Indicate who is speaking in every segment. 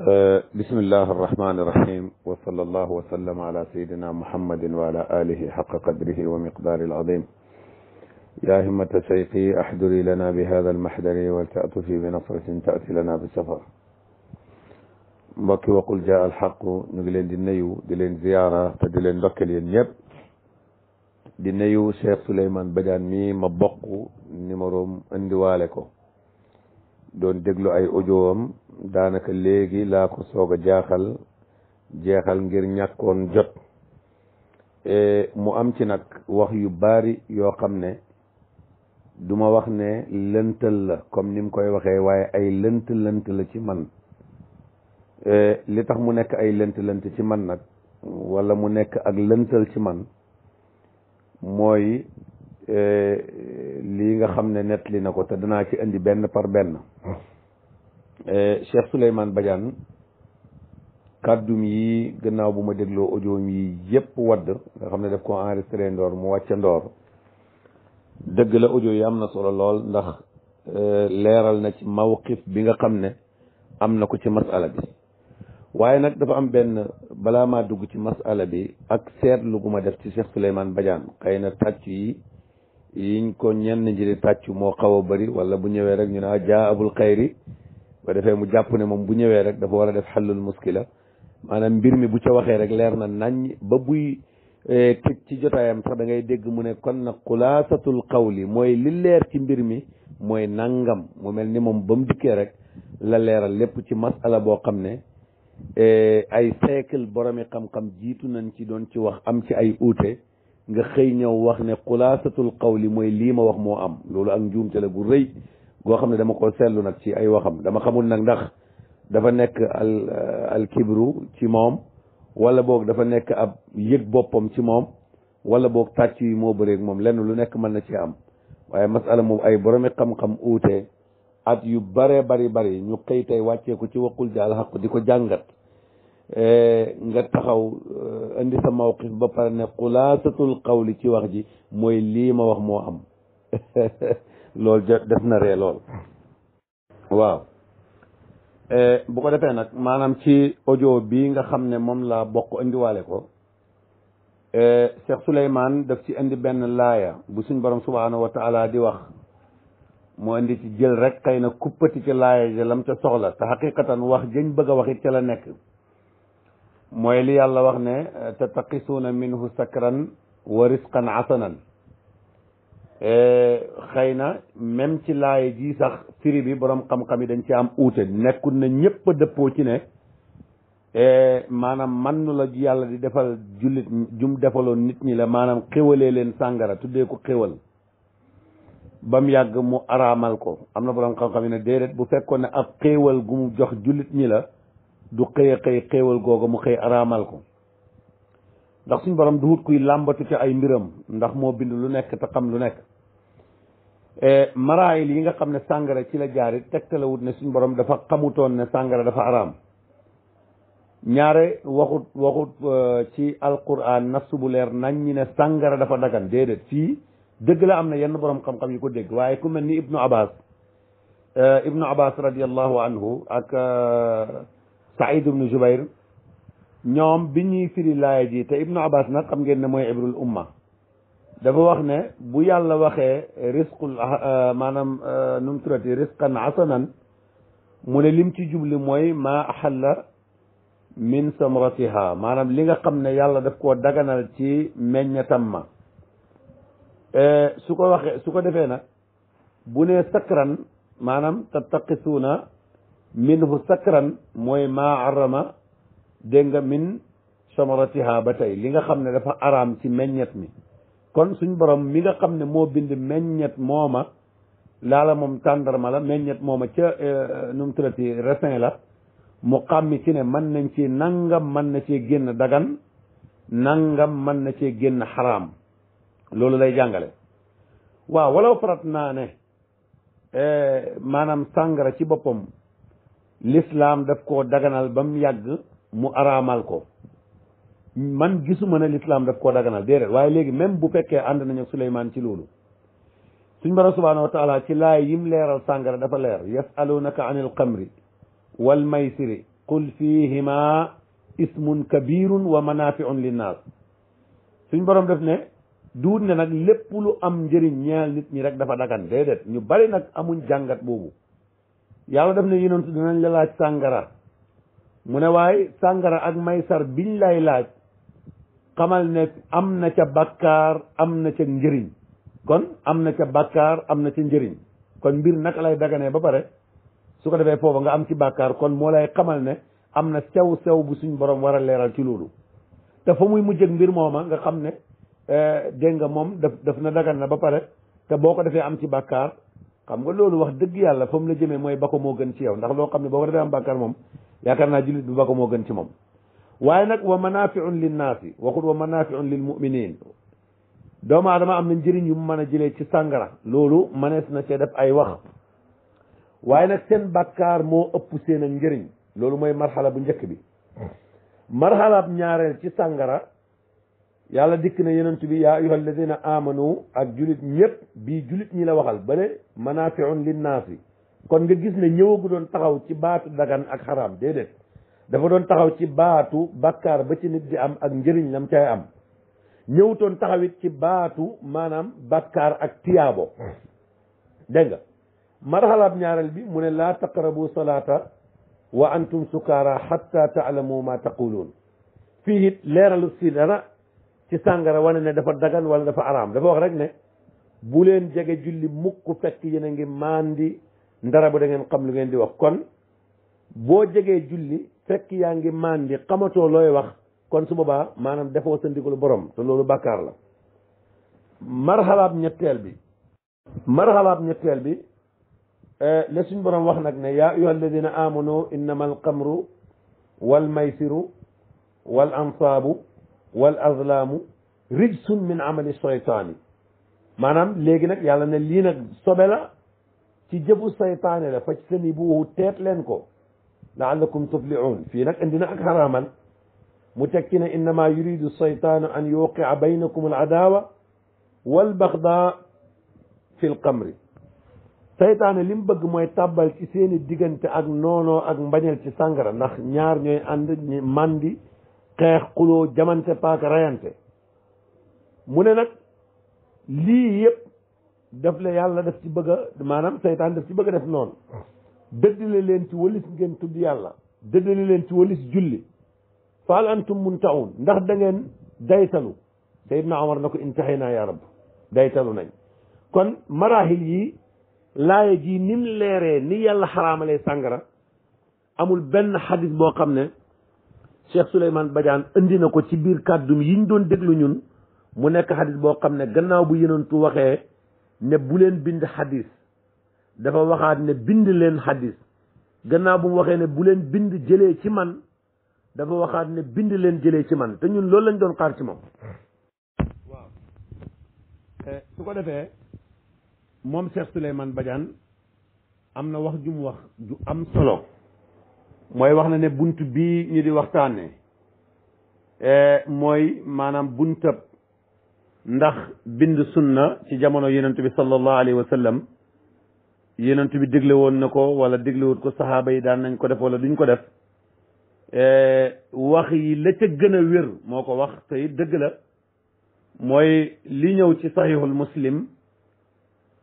Speaker 1: Uh, bismillahi arrahmani irrahim wa sallallahu wa sallam ala sayidina muhammadin wa ala alihi xaqa qadrihi wa miqdaari alazim ya himmata cheyqi ahduri lana bi hada almahdari waltatufi bi nasratin taati lana bi safar mbokki waqul jaa alxaqu ñu ngi leen di nuyu di leen ziyaara te di leen ndokkeel yéen ñëpp di nuyu Cheikh Souleymane Badiane mii ma bokk numérom indiwaale ko doon déglu ay audio daanaka léegi laa ko soog a jaaxal jeexal ngir ñàkkoon jot e, mu am ci nag wax yu baari yoo xam ne duma wax ne lëntal la comme nim koy waxee waaye ay lënt lënt la ci man e, li tax mu nekk ay lënt lënt ci man nag walla mu nekk ak lëntal ci man mooy Eh, lii nga xam ne nettali na ko te danaa ci indi benn par benn hmm. eh, Cheikh Souleymane Badiane kàddum yi gannaaw bu ma dégloo audioom yi yépp wadd nga xam ne def ko enregistré ndoor mu wàcce ndoor dëgg la audio yi am na solo lool ndax eh, leeral na ci mawqif bi nga xam ne am na ko ci masala bi waaye nag dafa am benn balaa maa dugg ci masala bi ak seetlu gu ma def ci Cheikh Souleymane Badiane xëy na tàcc yi yiñ ko ñenn ñi di tàccu moo xaw a bëri wala bu ñëwee rek ñu naa ah jaa abul xayri ba defee mu jàpp ne moom bu ñëwee rek dafa war a def xallul muskila maanaam mbir mi bu ca waxee rek leer na nañ ba buy e, ci jotaayam sax da ngay dégg mu ne kon nag xulaasatul qawli mooy li leer ci mbir mi mooy nangam mu mel ni moom ba mu dikkee rek la leeral lépp ci masala boo xam ne e, ay siècle boromi xam-xam jiitu nañ ci doon ci wax am ci ay uute nga xëy ñëw wax ne xulaasatul qawli mooy lii ma wax moo am loolu ak njuumte la gu rëy goo xam ne dama ko seetlu nag ci ay waxam dama xamul nag ndax dafa nekk al euh, al kibru ci moom wala boog dafa nekk ab yëg boppam ci moom wala boog tàcc yi moo bëreeg moom lenn lu nekk mën na ci am waaye masala moom ay boromi xam-xam uute at yu bare bari bari ñu xëy tey wàccee ko ci waqul jaal xaq di ko jàngat Eh, nga taxaw eh, indi sa mawqif ba pare ne xulaasatul qawli ci wax ji mooy lii ma wax moo am loolu def na ree lool waaw eh, bu ko defee nag maanaam ci audio bi nga xam ne moom laa bokk indiwaale ko Cheikh Souleymane def ci indi benn laaya bu suñ borom subhaanahu wa taala di wax mu indi ci jël rek xëy na kuppati ci laaya ja lam ca soxla te xaqiqatan wax jëñ bëgg a wax it ca la nekk mooy li yàlla wax ne tattaqisuuna minhu sakran wa risqan asanan e, xëy na même ci laay ji sax firi bi borom xam-xam yi dañ ci am uute nekkul ne ñëpp a dëppoo ci ne e, maanaam man nu la yàlla di defal jullit jum defaloon nit ñi la maanaam xéwalee leen sàngara tuddee ko xéwal ba mu yàgg mu araamal ko am na borom xam-xam yi ne déedéet bu fekkoon na ab xéwal gu mu jox jullit ñi la du xëy a xëy xéewal googa mu xëy araamal ko ndax suñ borom du wut kuy làmbatu ci ay mbiram ndax moo bind lu nekk te xam lu nekk e, maraayil yi nga xam ne sàngara ci la jaarit tegtalawut ne suñu borom dafa xamutoon ne sàngara dafa araam ñaare waxut waxut e, ci alquran nafsu bu leer nañ ñi ne sàngara dafa dagan déedéet fii dëgg la am na yenn borom xam-xam yi ko dégg waaye ku mel ni ibnu abbas e, ibnu abbas radiallahu anhu ak Saïd ibnu Jubayr ñoom bi ñuy firi laaya ji te ibnu Abbas nag xam ngeen ne mooy ibrul umma dafa wax ne bu yàlla waxee risqul ah, ah, maanaam ah, nu mu turati risqan hasanan mu ne lim ci jubli mooy maa axalla min samratiha maanaam li nga xam ne yàlla daf koo daganal ci meññatam ma eh, su ko waxee su ko defee nag bu ne sakran maanaam tattaqisuuna min minhu sakran mooy maa arama dégg nga min samaratiha ba tey li nga xam ne dafa aram ci meññet mi kon suñ borom mi nga xam ne moo bind meññet mooma laala moom tàndarma la meññet mooma ca euh, euh, nu mu tuddati raisin la mu xàmmi ci ne mën nañ ci nangam mën na cee génn dagan nangam mën na cee génn xaraam loolu lay jàngale waaw walaw farat naa ne euh, maanaam sàngara ci boppam lislaam daf koo daganal ba mu yàgg mu araamal ko man gisuma ne l'islam def koo daganal déedéet waaye léegi même bu fekkee ànd nañu ak Souleymane ci loolu suñ borom subhanahu wa taala ci laay yim leeral sàngara dafa leer yasalunaka anil xamri wal maysiri qul fihima ismun kabirun wa manafiun linnaas suñ borom def ne duut ne nag lépp lu am njëriñ ñeel nit ñi rek dafa dagan déedéet ñu bari nag amuñ jàngat boobu yàlla def na yonent dinañ la laaj sàngara mu ne waaye sàngara ak maysar biñ lay laaj xamal ne am na ca bàkkaar am na ca njëriñ kon am na ca bàkkaar am na ca njëriñ kon mbir naka lay daganee ba pare su ko defee foofa nga am ci bàkkaar kon moo lay xamal ne am na sew sew bu suñ borom war a leeral ci loolu te fa muy mujjëg mbir mooma nga xam ne eh, dégg nga moom daf daf na dagan na ba pare te boo ko defee am ci bàkkaar xam nga loolu wax dëgg yàlla fa mu la jëmee mooy bako moo gën ci yow ndax loo xam ne boo ko defee am bàkkaar moom yaakaar naa jullit bi bako moo gën moom waaye nag wa manaafiun linnaasi waxut wa manaafiun lil muminin doomu aadama am na njëriñ yu mu mën a jëlee ci sàngara loolu mënees na cee def ay wax waaye nag seen bàkkaar moo ëpp seen ak njëriñ loolu mooy marxala bu njëkk bi marxalaab ñaareel ci sàngara yàlla dikk na yonent bi yaa ayyuha alladina amanu ak julit ñëpp bii julit ñi la waxal bale manaafiun linnaasi kon nga gis ne ñëwagu doon taxaw ci baatu dagan ak xaraam déedéet dafa doon taxaw ci baatu bakkaar ba ci nit di am ak njëriñ lam cay am ñëwutoon taxawit ci baatu maanaam bakkaar ak tiyaabo dégg nga marxalaab ñaareel bi mu ne laa taqrabu salaata wa antum sukaara xatta taalamu ma taquluun fii it leeralu si dara ci sàngara wane ne dafa dagan wala dafa araam dafa wax rek ne bu leen jege julli mukk fekk yéen a ngi mandi ndara bu dangeen xam lu ngeen di wax kon boo jegee julli fekk yaa ngi mandi xamatoo looy wax kon su boobaa maanaam defoo sa ndigalu te loolu bàkkaar la marxalaab ñetteel bi marxalaab ñetteel bi eh, la suñ borom wax nag ne yaa dina alladina amanu innama alxamru wal maysiru wal ansaabu wal azlaamu rijsun min amali seytaani maanaam léegi nag yàlla ne lii nag sobe la ci jëfu seytaane la fa ci seni bu waxu teet leen ko laallakum tuflihun fii nag indi na ak xaraamal mu tekki ne innama yuridu seytaanu an yuqia baynakum al adaawa wal baxdaa fi l xamri seytaane li mu bëgg mooy tàbbal ci seeni diggante ak noonoo ak mbañel ci sàngara ndax ñaar ñooy ànd mandi xeex xuloo jamante paaka rayante mu ne nag lii yëpp daf la yàlla daf ci bëgg maanaam seytaan daf ci bëgg a def noonu dëddale leen ci walis ngeen tudd yàlla dëddale leen ci walis julli faal antum muntahun ndax da ngeen daytalu sayidna omar na ko intaxey naa ya rab daytalu nañ kon marahil yi laaya ji nim leeree ni yàlla xaraamalee sàngara amul benn xadis boo xam ne Cheikh Souleymane Badiane indi na ko ci biir kàddum yi ñu doon déglu ñun mu nekk xadis boo xam ne gannaaw bu yenentu waxee ne bu leen bind xadis dafa waxaat ne bind leen xadis gannaaw bu mu waxee ne bu leen bind jëlee ci man dafa waxaat ne bind leen jëlee ci man te ñun loolu lañ doon xaar ci moom waaw eh, su ko defee moom Cheikh Souleymane Badiane am na wax ju mu wax ju am solo mooy wax na ne bunt bi ñu di waxtaane eh, mooy maanaam buntab ndax bind sunna ci jamono yonent bi sallallahu alayhi wa sallam bi digle woon na ko wala diglewut ko saxaaba yi daan nañ ko def wala duñ ko def eh, wax yi la ca gën a wér moo ko wax te it dëgg la mooy li ñëw ci saxiixul muslim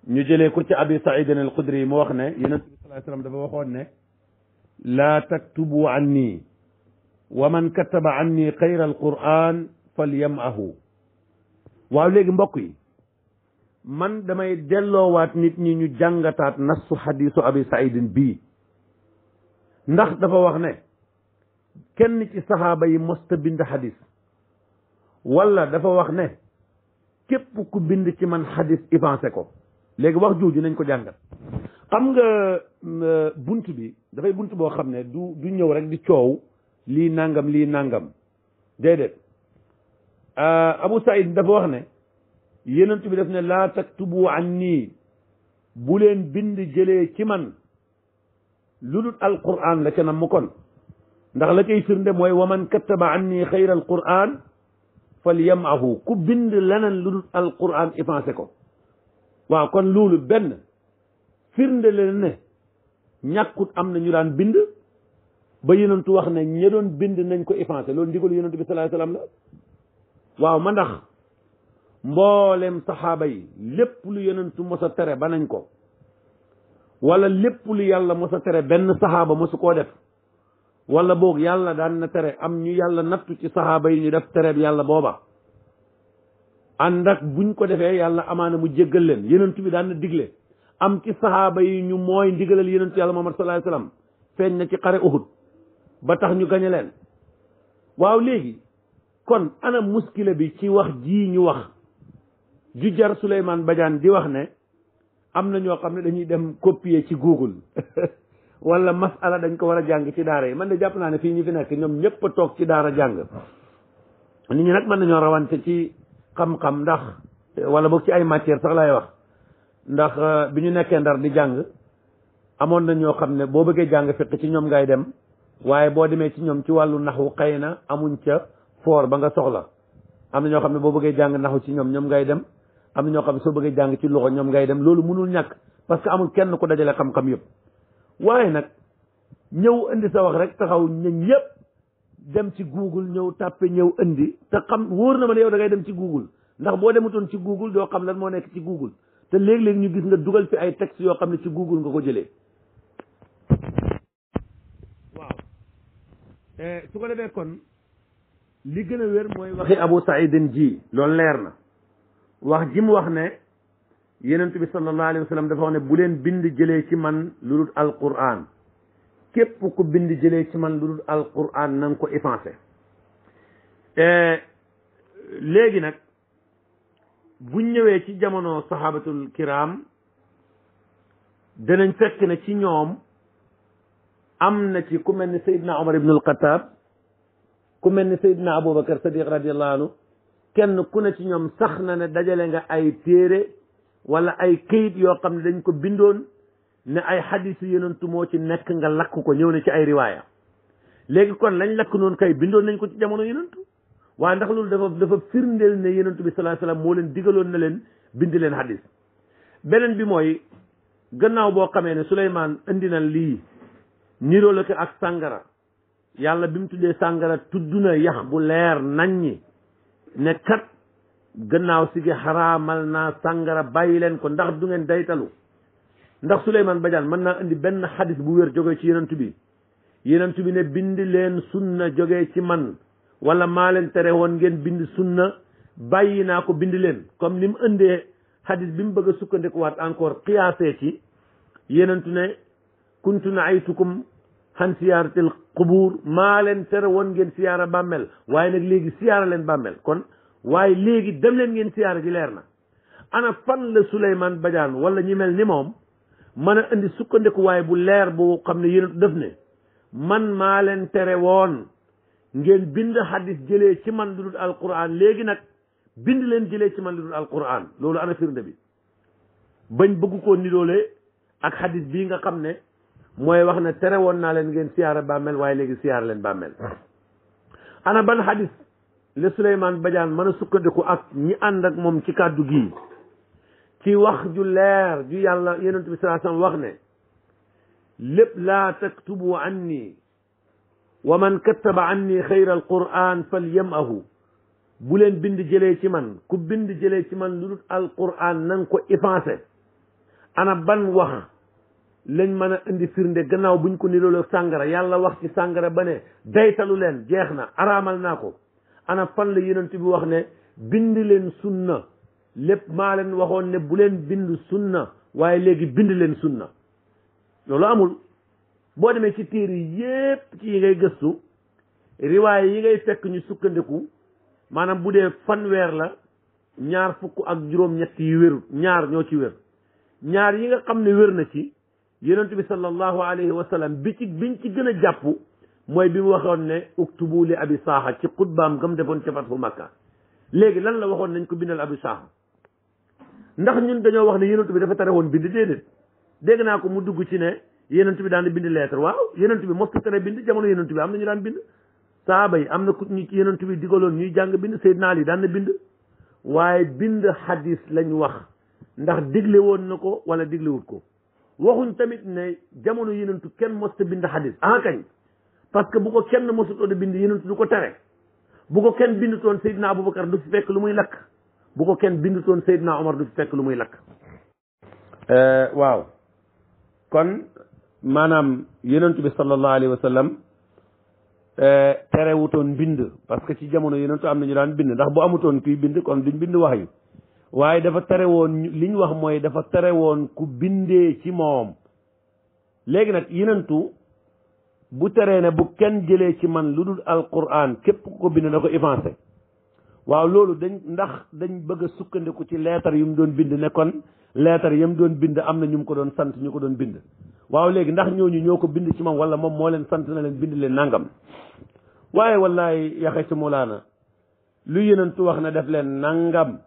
Speaker 1: ñu jëlee ko ci abi saidin al xudri yi mu wax ne yonent bi sallallahu alayhi dafa waxoon ne laa taktubu anni wa man kataba anni xayra alquran falyamahu waaw léegi mbokk yi man damay delloowaat nit ñi ñu jàngataat nassu xadiisu abi saidin bi ndax dafa wax ne kenn ci saxaaba yi mosta bind xadis walla dafa wax ne képp ku bind ci man xadis avancé ko léegi wax jooju nañ ko jàngat xam nga euh, bunt bi dafay bunt boo xam ne du du ñëw rek di coow lii nangam lii nangam déedéet euh, Abu Saïd dafa wax ne yenent bi daf ne laa taktubu an nii bu leen bind jëlee ci man lu dul alquran la ca nam mu kon ndax la koy firnde mooy wa man kattaba an nii xayra alquran fal yamahu ku bind leneen lu dul alquran effacé ko waaw kon loolu benn firnde leen ne ñàkkut am na ñu daan bind ba yonentu wax na ña doon bind nañ ko effacé loolu ndigalu yonentu bi sallallahu alayhi wasallam la waaw ma ndax mboolem saxaaba yi lépp lu yonentu mos a tere ba nañ ko wala lépp lu yàlla mos tere benn saxaaba mosu koo def wala boog yàlla daan na tere am ñu yàlla nattu ci saxaaba yi ñu def tereeb yàlla booba ànd ak buñ ko defee yàlla amaana mu jéggal leen yonentu bi daan na digle am ci saxaaba yi ñu mooy ndigalal yonentu yàlla Muhammad sallallahu alayhi feeñ na ci xare ba tax ñu gañe leen waaw léegi kon ana muskila bi ci wax jii ñu wax ju jar Souleymane Badiane di wax ne am na ñoo xam ne dañuy dem copier ci Google wala masala dañ ko war a jàng ci daara yi man de jàpp naa ne fii ñu fi nekk ñoom ñëpp a toog ci daara jàng nit mën nañoo rawante ci xam ndax wala boog ci ay matière sax laay wax ndax euh, bi ñu nekkee ndar di jàng amoon na ñoo xam ne boo bëggee jàng fiq ci ñoom ngay dem waaye boo demee ci ñoom ci wàllu naxu xëy na amuñ ca foor ba nga soxla am na ñoo xam ne boo bëggee jàng naxu ci ñoom ñoom ngay dem am na ñoo xam ne soo bëggee jàng ci loxo ñoom ngay dem loolu mënul ñàkk parce que amul kenn ku dajale xam-xam yëpp waaye nag ñëw indi sa wax rek taxaw ñañ yëpp dem ci google ñëw tàppe ñëw indi te xam wóor na ma ne yow da ngay dem ci google ndax boo demutoon ci google doo xam lan moo nekk ci google te léeg-léeg ñu gis nga dugal fi ay texte yoo xam ne ci google nga ko jëlee waaw eh, su ko defee kon li gën a wér mooy waxi Abu Saïdin ji loolu leer na wax ji mu wax ne yenent bi sallallahu alayhi wa sallam dafa wax ne bu leen bind jëlee ci man lu dul alquran képp ku bind jëlee ci man lu dul alquran na nga ko effacé eh, léegi nag buñ ñëwee ci jamono sahabatul kiram dinañ fekk na ci ñoom am na ci ku mel ni Seydina Omar ibn al-Khattab ku mel ni Seydina Aboubacar Sadiq radiyallahu anhu kenn ku ne ci ñoom sax na ne dajale nga ay téere wala ay kayit yoo xam ne dañ ko bindoon ne ay xadiis yonent moo ci nekk nga lakk ko ñëw na ci ay riwaaya léegi kon lañ lakk noonu kay bindoon nañ ko ci jamono yonentu waaye ndax loolu dafa dafa firndeel ne yonent bi sallallahu alayhi wasallam moo leen digaloon na leen bind leen hadis beneen bi mooy gannaaw boo xamee ne Souleymane indi na lii niroo ko ak sàngara yàlla bi mu tuddee sàngara tudd na yax bu leer naññi ne kat gannaaw si gi xaraamal naa sàngara bàyyi leen ko ndax du ngeen daytalu ndax Souleymane Badiane mën naa indi benn xadis bu wér jógee ci yonent bi yonent bi ne bind leen sunna jógee ci man wala maa leen tere woon ngeen bind sunna bàyyi naa ko bind leen comme ni mu indee xadis bi mu bëgg a sukkandikuwaat encore qiyaasee ci yenentu ne kuntu naaytukum xan siyaaratil qubuur maa leen tere woon ngeen siyaara bàmmel waaye nag léegi siyaara leen bàmmeel kon waaye léegi dem leen ngeen siyaara ji leer na ana fan la Souleymane Badiane wala ñi mel ni moom mën a indi sukkandikuwaay bu leer bu xam ne yenentu def ne man maa leen tere woon ngeen bind xadis jëlee ci man lu dul alquran léegi nag bind leen jëlee ci man lu dul alquran loolu ana firnde bi bañ bëgg koo loole ak xadis bii nga xam ne mooy wax ne tere woon naa leen ngeen siyaara bàmmeel waaye léegi siyaara leen bàmmeel ana ban xadis le Souleymane Badiane mën a sukkandiku ak ñi ànd ak moom ci kàddu gii ci wax ju leer ju yàlla yonent bi sallallahu wax ne lépp laa taktubu nii wa man kattaba anni xayra yem falyamahu bu leen bind jëlee ci man ku bind jëlee ci man lu dul alquran nan ko effacé ana ban wax lañ mën a indi firnde gannaaw buñ ko nirooloo sàngara yàlla wax ci sàngara ba ne daytalu leen jeex na araamal naa ko ana fan la yonent bi wax ne bind leen sunna lépp maa leen waxoon ne bu leen bind sunna waaye léegi bind leen sunna loolu amul boo demee ci téere yépp ci yi ngay gëstu riwaay yi ngay fekk ñu sukkandiku maanaam bu dee fanweer la ñaar fukk ak juróom-ñett yi wérut ñaar ñoo ci wér ñaar yi nga xam ne wér na ci yonent bi sallallahu alayhi wa sallam bi ci biñ ci gën a jàpp mooy bi mu waxoon ne uktubu li abi saaxa ci xutbaam gam defoon ca fathu makka léegi lan la waxoon nañ ko bindal abi saaxa ndax ñun dañoo wax ne yonent bi dafa tere woon bind déedéet dégg naa ko mu dugg ci ne yenent bi daan bind lettre waaw yenent bi mosta tere bind jamono yenent bi am na ñu daan bind saaba yi am na ku ñu ci yenent bi digaloon ñuy jàng bind Seydina Ali daan na bind waaye bind xadis lañu wax ndax digle woon na ko wala diglewut ko waxuñ tamit ne jamono yenentu kenn mosta bind xadis ah kañ parce que bu ko kenn mosutoo a bind yenentu du ko tere bu ko kenn bind bindutoon Seydina Aboubacar du fi fekk lu muy lakk bu ko kenn bindutoon Seydina Omar du fi fekk lu muy lakk eh, maanaam yonentu bi sallallahu alayhi wa sallam eh, terewutoon bind parce que ci jamono yonentu am na ñu daan bind ndax bu amutoon kuy bind kon duñ bind wax yi waaye dafa terewoon li ñu wax mooy dafa tere woon ku bindee ci moom léegi nag yeneentu bu teree ne bu kenn jëlee ci man lu dul alquran képp ku ko bind na ko évancé waaw loolu dañ ndax dañ bëgg sukkandiku ci leetar yu mu doon bind ne kon leetar yam doon bind am na ñu mu ko doon sant ñu ko doon bind waaw léegi ndax ñooñu ñoo ko bind ci moom wala moom moo leen sant na leen bind leen nangam waaye wallaay yaxe ci mulaana lu yenentu wax na def leen nangam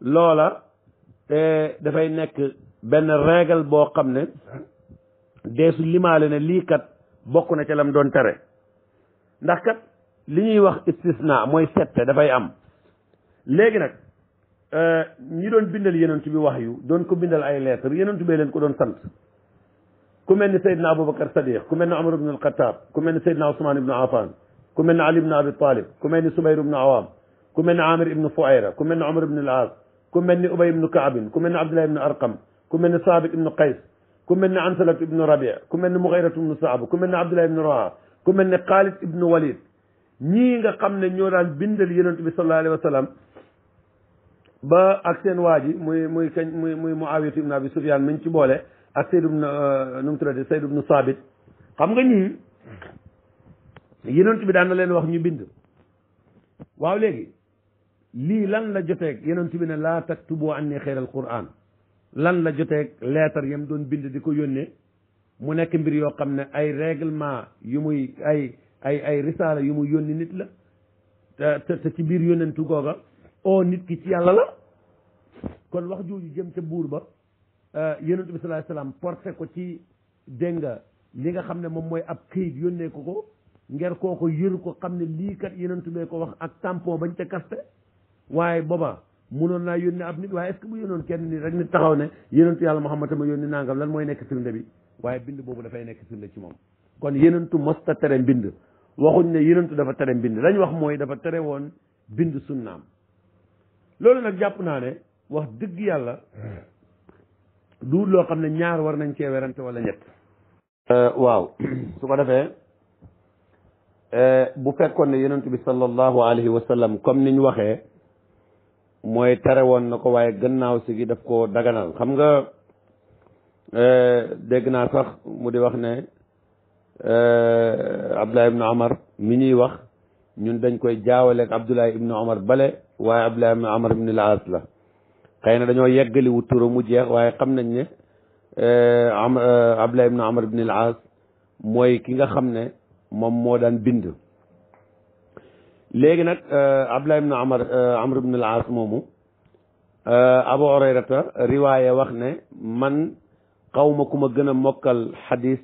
Speaker 1: loola dafay nekk benn régal boo xam ne deesu limaale ne lii kat bokk na ca lam doon tere ndax kat li ñuy wax istisna mooy sette dafay am léegi nag euh, ñi doon bindal yenentu bi wax yu doon ko bindal ay lettre yenentu bee leen ko doon sant ku mel ni Seydina Aboubacar Sadiq ku mel ni Omar ibn al-Khattab ku mel ni Seydina Ousmane ibn Affan ku mel ni Ali ibn Abi Talib ku mel ni Subayr ibn Awam ku mel ni Amir ibn Fuayra ku mel ni Omar ibn al-As ku mel ni Ubay ibn Kaabin ku mel ni Abdullah ibn Arqam ku mel ni Saabit ibn Qays ku mel ni Ansalat ibn Rabi ku mel ni Mughayrat ibn Saab ku mel ni Abdullah ibn Rawaha ku mel ni Khalid ibn Walid ñii nga xam ne ñoo daan bindal yonent bi sallallahu alayhi wa sallam ba ak seen waa ji muy muy kañ muy muy Muawiyah ibn Abi Sufyan miñ ci boole ak Seydou euh, nu mu tuddati Seydou ibnu Saabit xam nga ñii yonent bi daan na leen wax ñu bind waaw léegi lii lan la joteeg yonent bi ne laa taktubu anni xeyral Qur'an lan la joteeg leetar yam doon bind di ko yónnee mu nekk mbir yoo xam ne ay règlement yu muy ay ay yu muy yónni nit la te te ci biir yónnentu googa oo oh, nit ki ci yàlla la kon wax jooju jëm ca buur ba Euh, yonent bi sallallahu alayhi wasallam porté ko ci dégg nga li nga xam ne moom mooy ab këyit yónnee ko ko ngir kooko yër ko xam ne lii kat yonent bee ko wax ak tampon bañ ca kaste waaye booba munoon naa yónni ab nit waaye est-ce bu yónnoon kenn nit rek nit taxaw ne yonentu yàlla Muhammad ma yónni nangam lan mooy nekk firnde bi waaye bind boobu dafay nekk firnde ci moom kon yonentu mosta tere bind waxuñ ne yonentu dafa tere mbind lañ wax mooy dafa tere woon bind sunnaam loolu nag jàpp naa ne wax dëgg yàlla du loo xam ne ñaar war nañ cee werante walla ñett. Euh, waaw su ko defee euh, bu fekkoon ne yonent bi sallallahu alayhi wa sallam comme ni ñu waxee mooy tare woon na ko waaye gannaaw si gi daf ko daganal xam nga euh, dégg naa sax mu di wax ne Abdullah ibnu Omar mi ñuy wax ñun dañ koy jaawaleeg Abdullah ibnu Omar bale waaye Abdullah ibnu Omar ibnu al la. xëy na dañoo yeggaliwu tura mu jeex waaye xam nañ ne eh, am eh, Abdullah ibn Amr ibn al mooy ki nga xam ne moom moo daan bind léegi nag eh, Abdullah ibn Amr Amr ibn al moomu Abu Hurayrata riwaaya wax ne man xawma ku ma gën a mokkal xadis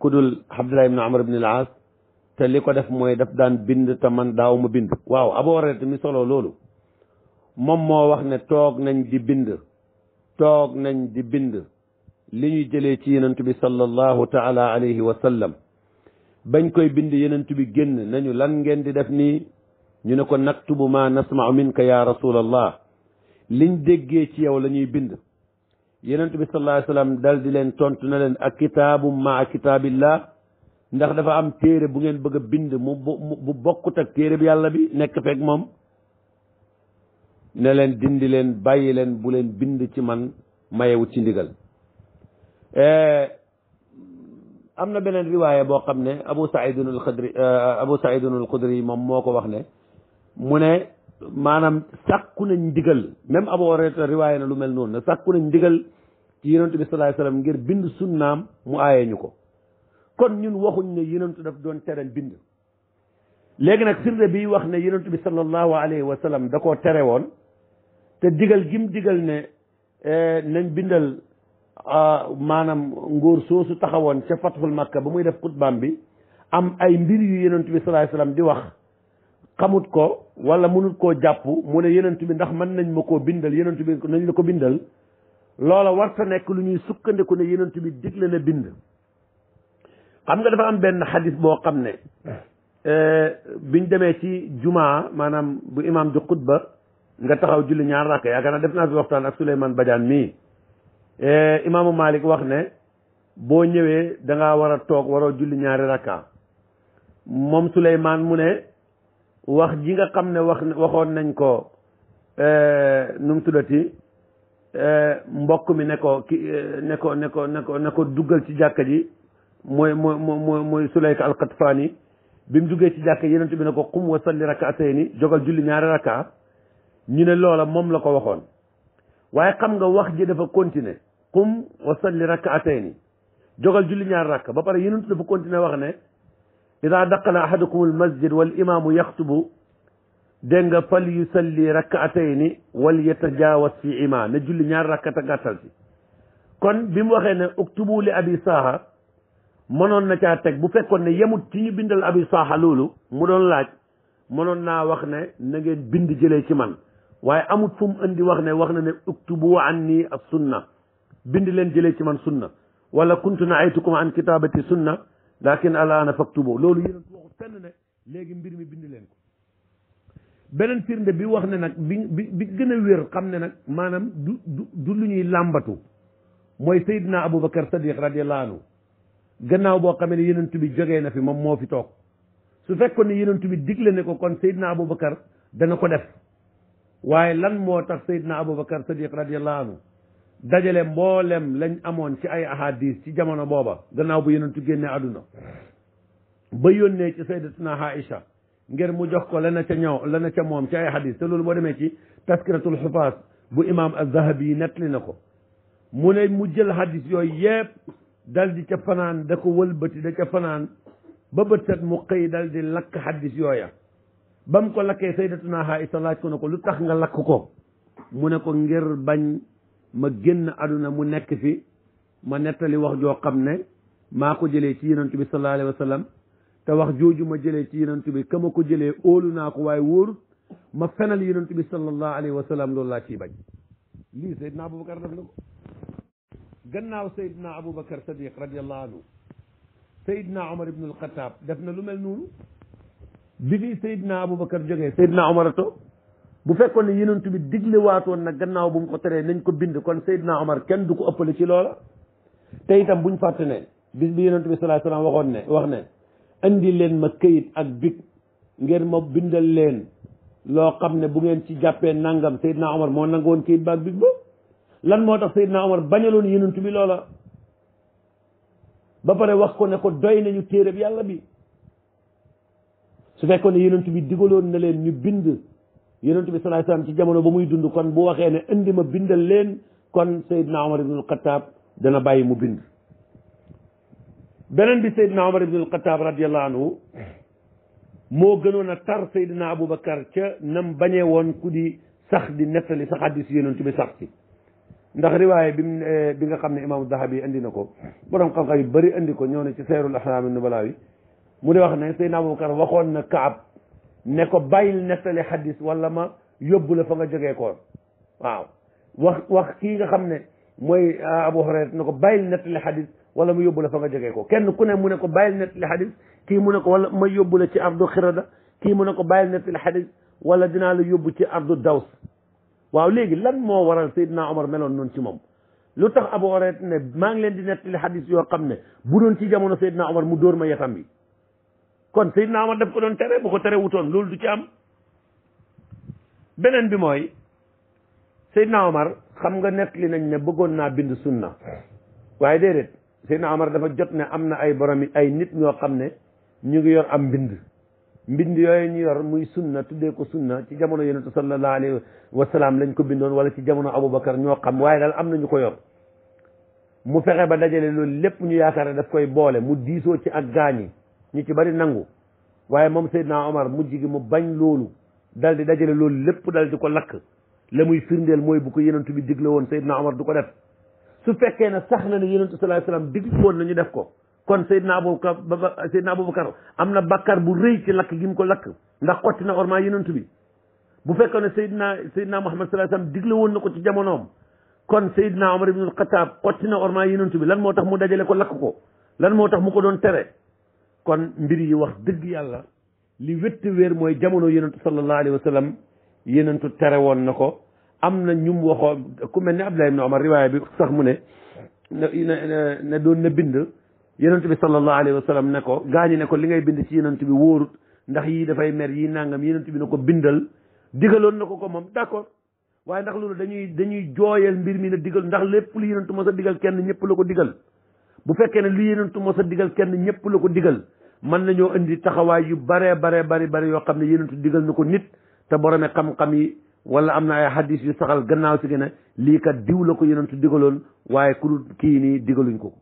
Speaker 1: kudul Abdullah ibn Amr ibn al-As te li ko def mooy daf daan bind te man daaw ma bind waaw Abu Hurayrata mi solo loolu moom moo wax ne toog nañ di bind toog nañ di bind li ñu jëlee ci yenent bi sallallahu taala alayhi wa bañ koy bind yenent bi génn nañu lan ngeen di def nii ñu ne ko naktubu ma nasmau minka ya rasulallah liñ déggee ci yow lañuy bind yenent bi sallallahu alayhi wa dal di leen tontu na leen ak kitaabu maa kitaabillah ndax dafa am téere bu ngeen bëgg a bind mu bokkut ak téere bi yàlla bi nekk feeg moom ne leen dindi leen bàyyi leen bu leen bind ci man mayewut ci ndigal eh, am na beneen riwaaya boo xam ne abu saidun eh, al xudri abu saidun al xudri moom moo ko wax ne mu ne maanaam sàkku nañ ndigal même abu hurayra riwaaya na lu mel noonu ne sàkku nañ ndigal ci yonent bi sallallahu alayhi wasallam ngir bind sunnaam mu aaye ñu ko kon ñun waxuñ ne yonent daf doon tereel bind léegi nag firnde bi wax ne yonent bi sallallahu alayhi wa sallam da koo tere woon te digal gim digal ne e, nañ bindal maanaam ngóor su taxawoon ca fatxul makka ba muy def xutbaam bi am ay mbir yu yonent bi sallallahu alayhi di wax xamut ko wala mënut koo jàpp mu ne yonent bi ndax mën nañ ma koo bindal yonent bi nañ la ko bindal loola war ta nekk lu ñuy sukkandiku ne yonent bi digle na bind xam nga dafa am benn xadis boo xam ne e, biñ demee ci jumaa maanaam bu imaam di xutba nga taxaw julli ñaar rakk yaakaar naa def naa fi waxtaan ak Souleymane Badiane mii e, imaamu Malik wax ne boo ñëwee danga war a toog waroo julli ñaari rakka moom Souleymane mu ne wax ji nga xam ne wax waxoon nañ ko e, nu mu tuddati e, mbokk mi ne ko ki ne ko ne ko ne ko duggal ci jàkka ji mooy mooy mooy mooy Sulayka al-Qatfani bi mu duggee ci jàkka yenentu bi ne ko qum wa salli rak'atayni jogal julli ñaari rakka ñu ne loola moom la ko waxoon waaye xam nga wax ji dafa continuer qum wa salli rakaatayni jogal julli ñaar rakk ba pare yenentu dafa continuer wax ne ida daqala ahadukum al masjid wal imaamu yaxtubu dégg nga fal yusalli ni wal yatajawas fi ima ne julli ñaar rakk te gàttal si kon bi mu waxee ne uktubu li abi saaha mënoon na caa teg bu fekkoon ne yemut ci ñu bindal abi saaha loolu mu doon laaj mënoon naa wax ne na bind jëlee ci man waaye amut fu indi wax ne wax na ne uktubu anni as sunna bind leen jëlee ci man sunna wala kuntu naaytukum an kitabati sunna lakin alaana faktubu loolu yonent waxu fenn ne léegi mbir mi bind leen ko beneen firnde bi wax ne nag bi bi bi gën a wér xam ne nag maanaam du du du lu ñuy làmbatu mooy Seydina Aboubacar Sadiq radiyallahu anhu gannaaw boo xamee ne yonent bi jógee na fi moom moo fi toog su fekkoon ne yonent bi digle ne ko kon Seydina Aboubacar dana ko def waaye lan moo tax Seydina Aboubacar Sadiq radiallahu anhu dajale mboolem lañ amoon ci ay ahadis ci jamono booba gannaaw bu yenentu génne àdduna ba yónnee ci sayyidatuna Aïcha ngir mu jox ko lana ca ñëw lana ca moom ci ay hadis te loolu boo demee ci taskiratul xufaas bu imam az-Zahabi nettali na ko mu ne mu jël hadis yooyu yëpp dal di ca fanaan da ko wëlbati da ca fanaan ba bët set mu xëy dal di lakk hadis yooya ba mu ko lakkee sayyidatuna Aïsa laaj ko ne ko lu tax nga lakk ko mu ne ko ngir bañ ma génn àdduna mu nekk fi ma nettali wax joo xam ne maa ko jëlee ci yonent bi sallallahu alayhi wa sallam te wax jooju ma jëlee ci yonent bi ka ko jëlee óolu naa ko waaye wóorut ma fenal yonent bi sallallahu alayhi wa sallam loolu laa ciy bañ lii Seydina Aboubacar def na ko gannaaw Seydina Aboubacar Sadiq radiyallahu anhu Seydina Omar ibn al-Khattab def na lu mel noonu bi fi Seydina Aboubacar jógee Seydina Omar a toog bu fekkoon ne yonent bi digle waatoon nag gannaaw bu mu ko teree nañ ko bind kon Seydina Omar kenn du ko ëppale ci loola te itam buñ fàtte ne bis bi yonent bi sallallahu waxoon ne wax ne andi leen ma këyit ak big ngeen ma bindal leen loo xam ne bu ngeen ci jàppee nangam Seydina Omar moo nangoon këyit ba ak big ba lan moo tax Seydina Omar bañaloon yonent bi loola ba pare wax ko ne ko doy nañu téereb yàlla bi su fekkoon ne yonent bi na leen ñu bind yonent bi sallallahu alayhi wasallam ci jamono ba muy dund kon bu waxee ne indi ma bindal leen kon Seydina Omar ibnul Xataab dana bàyyi mu bind beneen bi Seydina Omar ibnul Xataab radiyallahu anhu moo gënoon a tar Seydina Aboubacar ca nam bañee woon ku di sax di nettali sax hadiis yonent bi sax si ndax riwaay bi eh, bi nga xam ne imaamu Dahabi indi na ko borom xam-xam yu bëri indi ko ñoo ci seerul axlaami nubalaa yi mu di wax ne Seydina Abubakar waxoon na Kaab ne ko bàyyil nettali xadis wala ma yóbbu la fa nga jógee koon waaw wax kii nga xam ne mooy ah, Abu Hurayra ne ko bàyyil nettali xadis wala mu yóbbu la fa nga jógee ko kenn ku ne mu ne ko bàyyil nettali xadis kii mu ne ko wala ma yóbbu la ci ardu xirada kii mu ne ko bàyyil nettali xadis wala dinaa la yóbbu ci ardu daws waaw léegi lan moo waral Seydina Omar meloon noonu ci moom lu tax Abu Hurayra ne maa ngi leen di nettali xadis yoo xam ne bu doon ci jamono Seydina Omar mu dóor ma yatam bi kon Seydina Omar daf ko doon tere bu ko tere wutoon loolu du ci am beneen bi mooy Seydina Omar xam nga net li nañ ne bëggoon naa bind sunna waaye déedéet Seydina Omar dafa jot ne am na ay borom ay nit ñoo xam ne ñu ngi yor am mbind mbind yooyu ñu yor muy sunna tuddee ko sunna ci jamono yonente sallallahu alayhi wa salaam lañ ko bindoon wala ci jamono Aboubacar ñoo xam waaye daal am na ñu ko yor mu fexe ba dajale loolu lépp ñu yaakaar ne daf koy boole mu diisoo ci ak gaañi ñu ci bari nangu waaye moom Seydina Omar mujj gi mu bañ loolu dal di dajale loolu lépp dal di ko lakk la muy firndeel mooy bu ko yenentu bi digle woon Seydina Omar du ko def su fekkee ne sax na ne yenentu sallallahu alayhi wasallam digle woon na ñu def ko kon Seydina Aboubacar Seydina Aboubacar am na bàkkaar bu rëy lakk gi ko lakk ndax xotti na ormaa yenentu bi bu fekkoon ne Seydina Seydina Muhammad sallallahu alayhi wasallam digle woon na ko ci jamonoom kon Seydina Omar ibnul Xataab xotti na ormaa yenentu bi lan moo tax mu dajale ko lakk ko lan moo tax mu ko doon tere kon mbir yi wax dëgg yàlla li wétti wéer mooy jamono yenentu sallallahu alayhi wa sallam yenentu tere woon na ko am na ñum waxoo ku mel ne Abdullah ibn Omar riwaaya bi sax mu ne ne doon na bind yenentu bi sallallahu alayhi wa sallam ne ko gaañi ne ko li ngay bind ci yenentu bi wóorut ndax yii dafay mer yi nangam yenentu bi ne ko bindal digaloon na ko ko moom d'accord waaye ndax loolu dañuy dañuy jooyal mbir mi ne digal ndax lépp lu yenentu mos a digal kenn ñëpp la ko digal bu fekkee ne lu yenentu mos a digal kenn ñëpp la ko digal mën nañoo indi taxawaay yu baree baree bari bari yoo xam ne yenentu digal na ko nit te borome xam-xam yi wala am na ay hadis yu saxal gannaaw si gën a lii kat diw la ko yenentu digaloon waaye ku dul kii nii digaluñ ko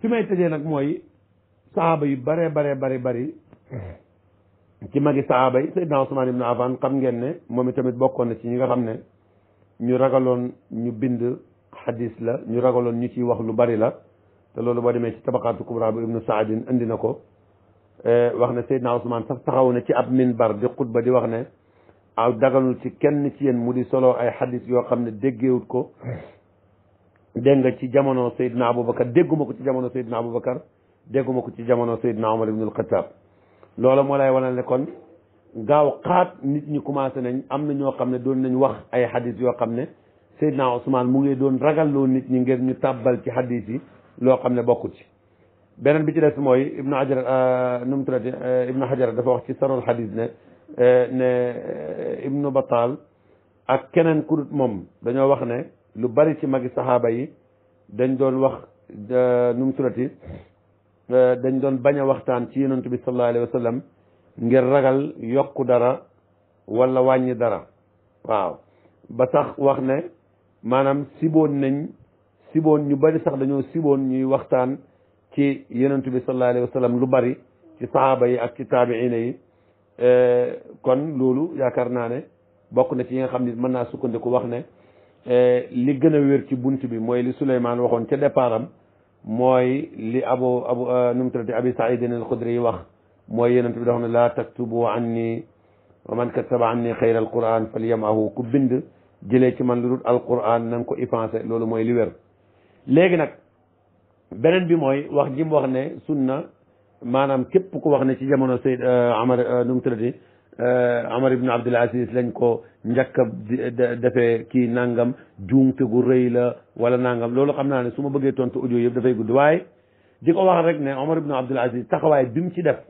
Speaker 1: fi may tëjee nag mooy sahaaba yu baree baree bari bari ci magi saaba yi Seydina Usmaan ibn Affan xam ngeen ne moom tamit bokkoon na ci ñi nga xam ne ñu ragaloon ñu bind hadis la ñu ragaloon ñu ci wax lu bari la te loolu boo demee ci tabaqaatu kubra bu ibnu saadin andi na ko eh, wax ne Seydina Ousmane sax taxaw na ci ab minbar di xutba di wax ne aw dagalul ci kenn ci yéen mu di solo ay xadis yoo xam ne déggeewut ko dégg nga ci jamono Seydina Aboubacar dégguma ko ci jamono Seydina Aboubacar dégguma ko ci jamono Seydina Omar ibnul Xataab loola moo lay wanal ne kon gaaw xaat nit ñi commencé nañ am na ñoo xam ne doon nañ wax ay xadis yoo xam ne Seydina Ousmane mu ngi doon ragalloo nit ñi ngir ñu tàbbal ci xadis yi loo xam ne bokku ci beneen bi ci des mooy ibnu hajar euh, nu mu tuddati euh, ibnu hajar dafa wax ci sanol xadis ne euh, ne ibnu batal ak keneen ku dut moom dañoo wax ne lu bari ci magi saxaaba yi dañ doon wax nu mu tuddati dañ doon bañ a waxtaan ci yonent bi sallallahu alayhi wa ngir ragal yokk dara walla wàññi dara waaw ba sax wax ne maanaam siboon nañ siboon ñu bari sax dañoo siboon ñuy waxtaan ci yonent bi sallallahu alayhi lu bari ci sahaaba yi ak ci taabiina yi eh, kon loolu yaakaar naa ne bokk na ci yi nga xam ne mën naa sukkandiku wax ne eh, li gën a wér ci bunt bi mooy li Souleymane waxoon ca départ am mooy li abu abu eh, nu mu tuddati abi saidin al xudri yi wax mooy yonent bi dafa ne laa taktubu ni wa man kataba anni xayra al quran falyamahu ku bind jële ci man lu dul al quran na ko effacé loolu mooy li léegi nag beneen bi mooy wax ji mu wax ne sunna maanaam képp ku wax ne ci jamono Seyd euh, Amar euh, nu mu tuddati euh, Amar ibn Abdul Aziz lañ ko njëkk a defee kii nangam juumte gu rëy la wala nangam loolu xam naa ne su ma bëggee tontu audio yëpp dafay gudd waaye di ko wax rek ne Omar ibn Abdul Aziz taxawaay bi mu ci def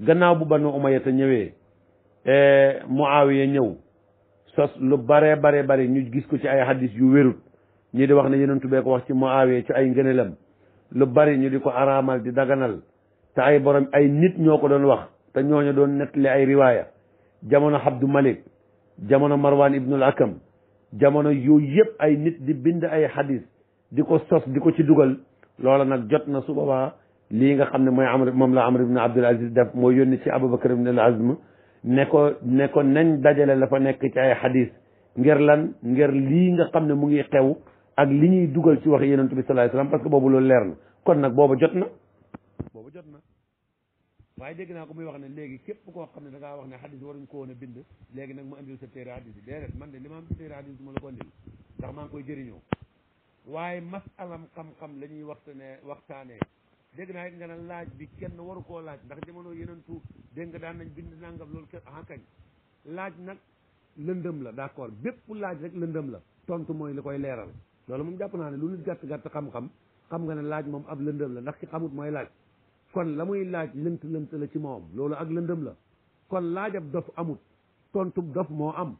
Speaker 1: gannaaw bu Banu Umayya ta ñëwee Muawiya ñëw sos lu bare bare bare ñu gis ko ci ay hadis yu wérut ñii di wax na yonentu bee ko wax ci Muawiya ci ay ngëneelam lu bari ñu di ko araamal di daganal te ay borom ay nit ñoo ko doon wax te ñooñu doon nettali ay riwaaya jamono Abdou Malik jamono Marwan ibnul Akam jamono yooyu yëpp ay nit di bind ay xadis di ko sos di ko ci dugal loola nag jot na su boobaa lii nga xam ne mooy amr moom la amr ibn Abdul Aziz def mooy yónni ci Aboubacar ibn al Azm ne ko ne nañ dajale la fa nekk ci ay xadis ngir lan ngir lii nga xam ne mu ngi xew ak li ñuy dugal ci wax yonent bi sallallahu alayhi wasallam parce que boobu loolu leer na kon nag booba jot na booba jot na waaye dégg naa ko muy wax ne léegi képp koo xam ne da ngaa wax ne xadis waruñ ko woon a bind léegi nag mu andil sa téere xadis bi déedéet man de li ma am ci téere xadis bi ma la ko andil ndax maa ngi koy jëriñoo waaye masalam xam-xam la ñuy waxtaane waxtaanee dégg naa it nga ne laaj bi kenn waru koo laaj ndax jamono yenentu dégg nga daan nañ bind nangam loolu kenn ah kañ laaj nag lëndëm la d'accord bépp laaj rek lëndëm la tontu mooy li koy leeral loolu moom jàpp naa ne lu nit gàtt gàtt xam-xam xam nga ne laaj moom ab lëndëm la ndax ki xamut mooy laaj kon la muy laaj lënt lënt la ci moom loolu ak lëndëm la kon laajab dof amut tontub dof moo am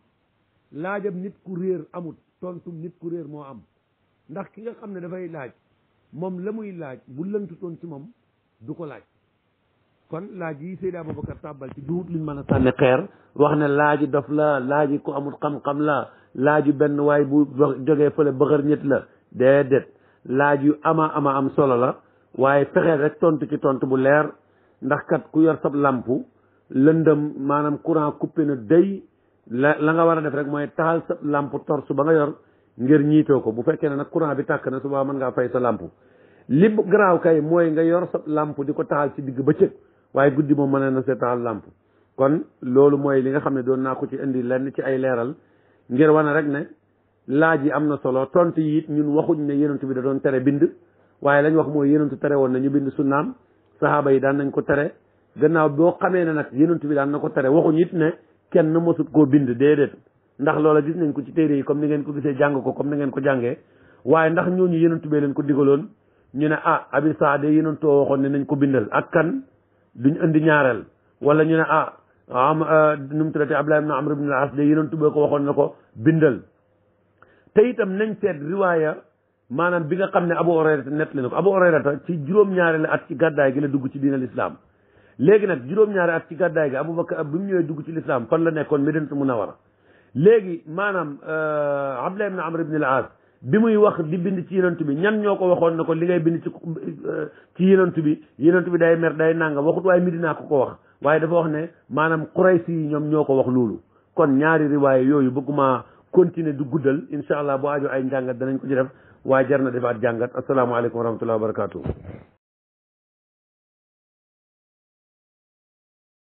Speaker 1: laajab nit ku réer amut tontub nit ku réer moo am ndax ki nga xam ne dafay laaj moom la muy laaj bu lëntutoon ci moom du ko laaj kon laaj yi Seydi Aboubacar tàbbal ci duut luñ man a sànni xeer wax ne laaji dof la laaji ku amut xam-xam la laaju benn waay bu jógee fële bëxër ñett la déedéet laaj yu amaa ama am solo la waaye fexeel rek tontu ci tontu bu leer ndax kat ku yor sab lampu lëndëm maanaam courant coupé na day la la nga war a def rek mooy taal sab tor torsu ba nga yor ngir ñiitoo ko bu fekkee ne nag courant bi tàkk na su suba mën ngaa fay sa lampu li garaaw kay mooy nga yor sab lampu di ko taal ci digg ba bëccëg waaye guddi moom mën na see taal lampu kon loolu mooy li nga xam ne doon naa ko ci indi lenn ci ay leeral ngir wane rek ne laaj yi am na solo tontu yi it ñun waxuñ ne yonent bi da doon tere bind waaye lañu wax mooy yonent tere woon na ñu bind sunnaam sahaaba yi daan nañ ko tere gannaaw boo xamee ne nag yonent bi daan na ko tere waxuñ it ne kenn mosut koo bind déedéet ndax loola gis nañ ko ci téere yi comme ni ngeen ko gisee jàng ko comme ni ngeen ko jàngee waaye ndax ñooñu yonent bee leen ko digaloon ñu ne ah abi saade yonentoo waxoon ne nañ ko bindal ak kan duñ indi ñaareel wala ñu ne ah am ah, nu mu tuddati abdulahi ibn amr ibn al as de yonent bee ko waxoon na ko bindal te itam nañ seet riwaaya maanaam bi nga xam ne abu hurayrata nett li na ko abu hurayrata ci juróom-ñaari la at ci gàddaay gi la dugg ci diina lislaam léegi nag juróom-ñaari at ci gàddaay gi abubakar bi mu ñëwee dugg ci lislaam fan la nekkoon medinatu munawara léegi maanaam euh, abdullah ibn amr ibn al aas bi muy wax di bind ci yenantu bi ñan ñoo ko waxoon na ko li ngay bind ci euh, ci yenantu bi yenantu bi day mer day nanga waxut waaye midinaa ko ko wax waaye dafa wax ne maanaam quraysi yi ñoom ñoo ko wax loolu kon ñaari riwaay yooyu bëgguma continuer du guddal incha allah bu aajo ay njàngat danañ ko ci def waaye jar na defaat jàngat asalaamaaleykum wa rahmatullahi wa barakatuh